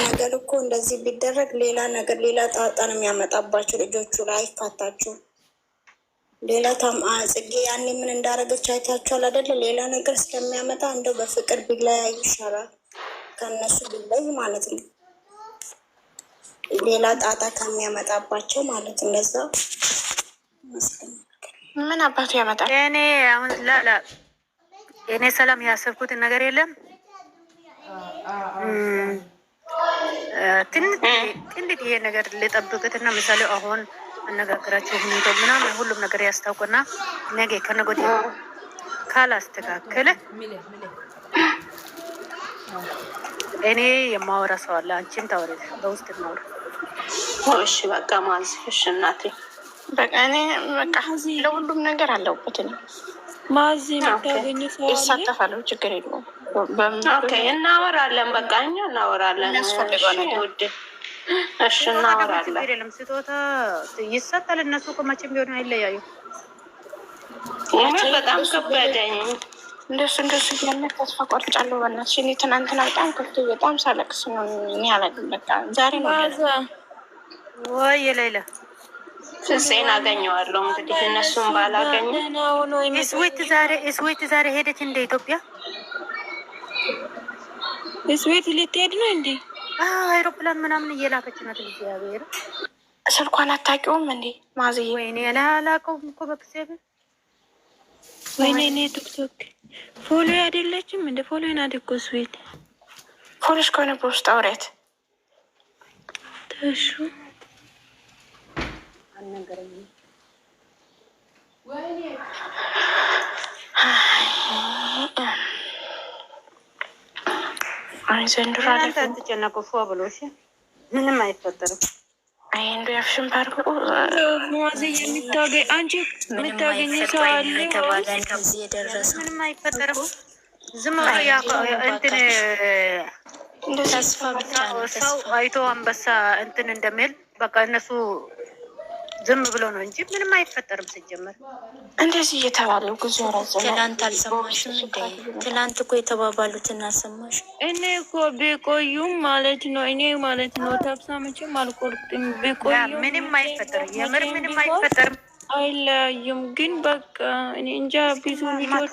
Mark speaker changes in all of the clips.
Speaker 1: ነገር እኮ እንደዚህ ቢደረግ ሌላ ነገር ሌላ ጣጣ ነው የሚያመጣባቸው ልጆቹ ላይ። አይፋታችሁም። ሌላ ጽጌ ያኔ ምን እንዳረገች አይታችኋል አይደለ? ሌላ ነገር ስለሚያመጣ እንደው በፍቅር ቢለያይ ይሻላል። ከነሱ ቢለይ ማለት ነው ሌላ ጣጣ ከሚያመጣባቸው ማለት እንደዛ
Speaker 2: ምን አባቱ ያመጣል።
Speaker 3: እኔ አሁን ላላ እኔ ሰላም ያሰብኩትን ነገር የለም ትንሽ ይሄ ነገር ልጠብቅት ልጠብቅትና ምሳሌ አሁን አነጋገራቸው ሁኔታው ምናምን ሁሉም ነገር ያስታውቅና ነገ ከነገ ወዲያ ካላስተካከለ እኔ የማወራ ሰው አለ። አንቺም ታወሪ፣ በውስጥ እናውራ።
Speaker 2: እሺ በቃ ማዝ። እሺ እናቴ፣
Speaker 3: በቃ እኔ በቃ ለሁሉም ነገር አለውበት ነው
Speaker 2: ማዚ የምታገኝ
Speaker 3: ሰው ይሳተፋሉ። ችግር የለውም።
Speaker 2: እናወራለን። በቃ እኛ እናወራለን። ውድ እሺ፣ እናወራለን።
Speaker 3: ስጦታ ይሰጣል። እነሱ እኮ መቼም ቢሆን አይለያዩ።
Speaker 2: በጣም ከበደኝ። እንደሱ እንደሱ ያለ ተስፋ ቆርጫለሁ። በእናትሽ እኔ ትናንትና በጣም ከፍቶ በጣም ሳለቅስ ነው። እኔ በቃ ዛሬ ነው ወይ የሌለ ፍፄን አገኘዋለሁ። እንግዲህ እነሱን ባላገኘ
Speaker 3: ዛሬ ዛሬ ሄደች እንደ ኢትዮጵያ
Speaker 2: ልትሄድ ነው እንዴ?
Speaker 3: አይሮፕላን ምናምን እየላከች ናት። እግዚአብሔር
Speaker 2: ስልኳን አታውቂውም እንዴ
Speaker 3: ወይኔ እኮ
Speaker 2: ወይኔ። ቲክቶክ ፎሎ አይደለችም እንደ ፎሎ ፎሎሽ ከሆነ በውስጥ ተሹ አልነገረኝም። ዘንድሮ
Speaker 3: አትጨነቁ፣ ፏ ብሎ ምንም አይፈጠርም።
Speaker 2: አይ እንደው የሚታገኝ አንቺ የምታገኝ ሰው አለ
Speaker 3: ምንም አይፈጠርም። ዝም ብሎ እንትን ሰው አይቶ አንበሳ እንትን እንደሚል በቃ እነሱ ዝም ብሎ ነው እንጂ ምንም አይፈጠርም። ሲጀመር
Speaker 2: እንደዚህ እየተባለ ጉዞ
Speaker 4: ትላንት አልሰማሽም? ትላንት እኮ የተባባሉትን አልሰማሽ?
Speaker 2: እኔ እኮ ቢቆዩም ማለት ነው እኔ ማለት ነው ተብሳ መቼም አልቆርጥም። ቢቆዩም
Speaker 3: ምንም አይፈጠርም። የምር ምንም አይፈጠርም።
Speaker 2: አይለያዩም ግን በቃ እኔ እንጃ። ብዙ ሚቶ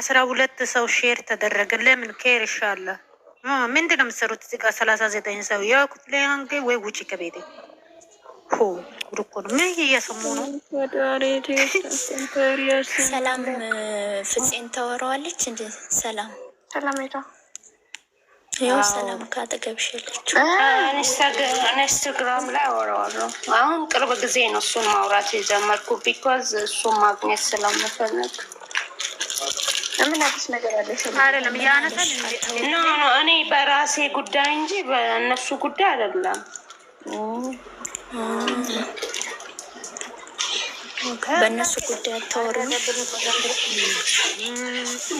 Speaker 3: አስራ ሁለት ሰው ሼር ተደረገ። ለምን ኬር ይሻለ ምንድን ነው የምትሰሩት? እዚህ ጋር ሰላሳ ዘጠኝ ሰው ያው ክፍለ አንጌ ወይ ውጭ ከቤቴ ሰላም
Speaker 4: ፍፄን ታወራዋለች። እንደ ሰላም ሰላም ያው ሰላም ካጠገብሽ የለችም።
Speaker 2: ኢንስታግራም ላይ አወራዋለሁ። አሁን ቅርብ ጊዜ ነው እሱን ማውራት የጀመርኩ ቢኮዝ እሱን ማግኘት ስለምፈልግ። ምን አዲስ ነገር አለ? እኔ በራሴ ጉዳይ እንጂ በእነሱ ጉዳይ አይደለም።
Speaker 4: በእነሱ ጉዳይ አታወሪም።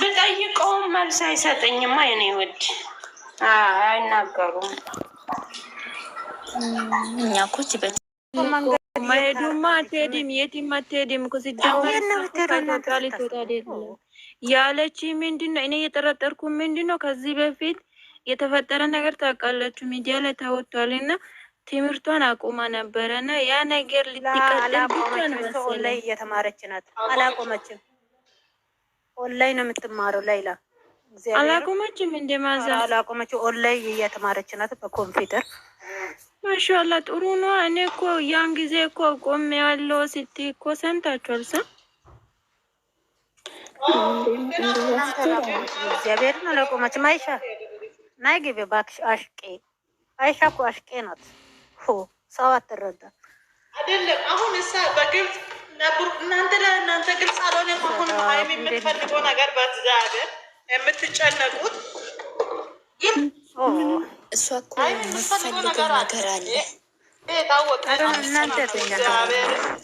Speaker 2: ብጠይቀውም መልስ አይሰጠኝማ። የኔ ውድ አይናገሩም።
Speaker 4: እኛ እኮ
Speaker 2: መሄዱማ አትሄድም፣ የትም አትሄድም እኮ ያለች ምንድን ነው? እኔ እየጠረጠርኩ ምንድን ነው ከዚህ በፊት የተፈጠረ ነገር ታውቃላችሁ፣ ሚዲያ ላይ ተወጥቷል እና ትምህርቷን አቁማ ነበረ እና ያ ነገር
Speaker 3: ላይ እየተማረች ናት። አላቆመችም። ኦንላይን ነው የምትማረው። ላይላ
Speaker 2: አላቆመችም፣ እንደማዛ
Speaker 3: አላቆመችም። ኦንላይን እየተማረች ናት በኮምፒውተር
Speaker 2: ማሻላ ጥሩ ነው። እኔ እኮ ያን ጊዜ እኮ ቆም ያለው ስቲ እኮ ሰምታችኋል። ሰ
Speaker 3: እግዚአብሔርን አላቆመችም። አይሻ ናይ ግቢ እባክሽ። አሽቄ አይሻ እኮ አሽቄ ናት። ሰው አትረዳም
Speaker 5: አይደለም። አሁን እሳ በግልጽ እናንተ ለእናንተ ግልጽ አልሆነ። አሁን ሀይም የምትፈልገው ነገር በዛ የምትጨነቁት
Speaker 4: እሷ እኮ የምትፈልገው ነገር አለ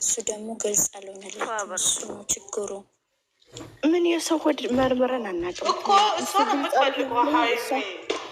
Speaker 4: እሱ ደግሞ ግልጽ እሱ ነው ችግሩ።
Speaker 2: ምን የሰው ሆድ መርምረን አናውቅም
Speaker 5: እኮ እሷ ነው የምትፈልገው ሀይሚ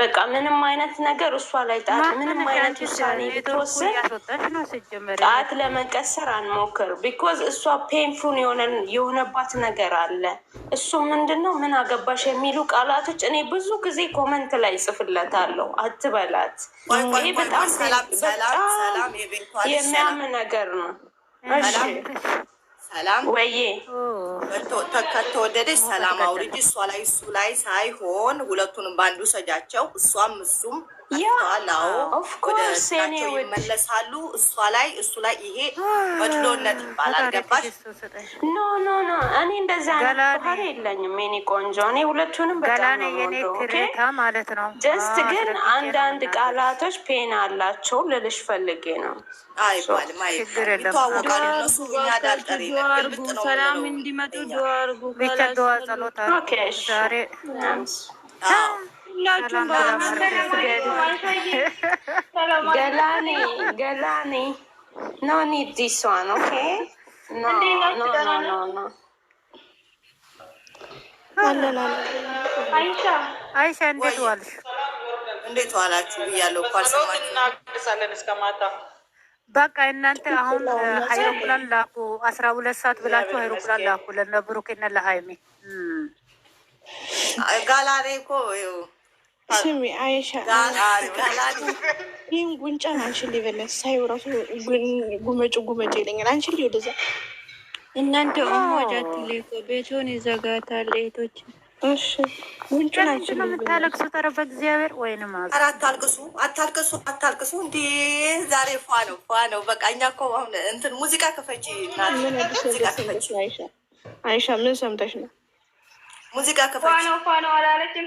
Speaker 2: በቃ ምንም አይነት ነገር እሷ ላይ ጣት ምንም አይነት ውሳኔ ብትወስድ ጣት ለመቀሰር አንሞክር። ቢኮዝ እሷ ፔንፉን የሆነባት ነገር አለ። እሱ ምንድን ነው ምን አገባሽ የሚሉ ቃላቶች እኔ ብዙ ጊዜ ኮመንት ላይ ጽፍለታለሁ። አትበላት። ይሄ በጣም የሚያም ነገር ነው። ሰላም ወይ
Speaker 5: ከተወደደች ሰላም አውርጅ። እሷ ላይ እሱ ላይ ሳይሆን ሁለቱንም በአንዱ ሰጃቸው እሷም እሱም
Speaker 2: ኦፍኮርስ
Speaker 5: ይመለሳሉ። እሷ ላይ እሱ ላይ ይሄ በድሎነት ይባላል። ገባሽ?
Speaker 2: ኖ ኖ ኖ እኔ እንደዛ ባህሪ የለኝም የኔ ቆንጆ። እኔ ሁለቱንም
Speaker 3: በጣም ማለት ነው።
Speaker 2: ጀስት ግን አንዳንድ ቃላቶች ፔን አላቸው ልልሽ ፈልጌ ነው። ሰላም እንዲመጡ ዱአ አድርጉ። ኦኬ እሺ ገላኔ ገላኔ ኖ ኒድ ኦኬ ኖ ኖ ኖ ኖ
Speaker 3: አይሻ እንዴት ዋልሽ?
Speaker 5: እንዴት ዋላችሁ ብያለሁ እኮ አልሰማችሁም። እስከ ማታ
Speaker 3: በቃ እናንተ አሁን አይሮፕላን ላኩ፣ አስራ ሁለት ሰዓት ብላችሁ አይሮፕላን ላኩ ለነ ብሩኬና ለሀይሜ
Speaker 5: ጋላሪ እኮ
Speaker 2: ስሚ አይሻ ይህን ጉንጫን አንቺን ሊበለት ሳይው ራሱ ጉመጭ ጉመጭ ይለኛል። አንቺን ሊወደዛ እናንተ ወጃት ሌኮ ቤቶን ይዘጋታል። ቶች ጉንጫን አንቺን
Speaker 3: የምታለቅሱ ተረፈ እግዚአብሔር ወይንም
Speaker 5: ኧረ አታልቅሱ፣ አታልቅሱ፣ አታልቅሱ። እንዲ ዛሬ ፏ ነው ፏ ነው። በቃ እኛ እኮ አሁን እንትን ሙዚቃ ክፈች፣
Speaker 2: ሙዚቃ ክፈች። አይሻ ምን ሰምተሽ ነው?
Speaker 5: ሙዚቃ ክፈች
Speaker 2: ነው ነው አላለችም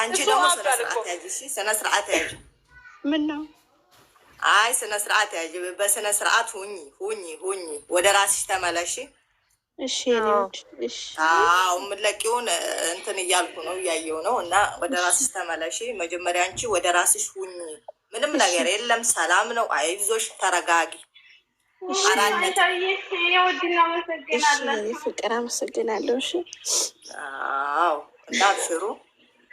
Speaker 5: አንቺ ደግሞ ስነ ስርዓት ያዥ። ምን ነው? አይ ስነ ስርዓት ያዥ። በስነስርዓት ስርዓት ሁኚ ሁኚ ሁኚ። ወደ ራስሽ ተመለሽ። እሺ የምለቂውን እንትን እያልኩ ነው እያየው ነው። እና ወደ ራስሽ ተመለሽ መጀመሪያ። አንቺ ወደ ራስሽ ሁኚ። ምንም ነገር የለም፣ ሰላም ነው። አይዞሽ፣ ተረጋጊ።
Speaker 2: ፍቅር አመሰግናለሁ። እሺ
Speaker 5: እና እንዳትሽሩ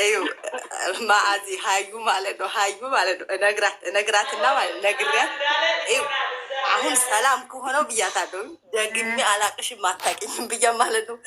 Speaker 5: እዩ ማአዚ ሀዩ ማለት ነው። ሀዩ ማለት ነው። እነግራትና ማለት ነግሪያት። አሁን ሰላም ከሆነው ብያታለሁ። ደግሜ አላቅሽም አታውቂኝም ብያ ማለት ነው።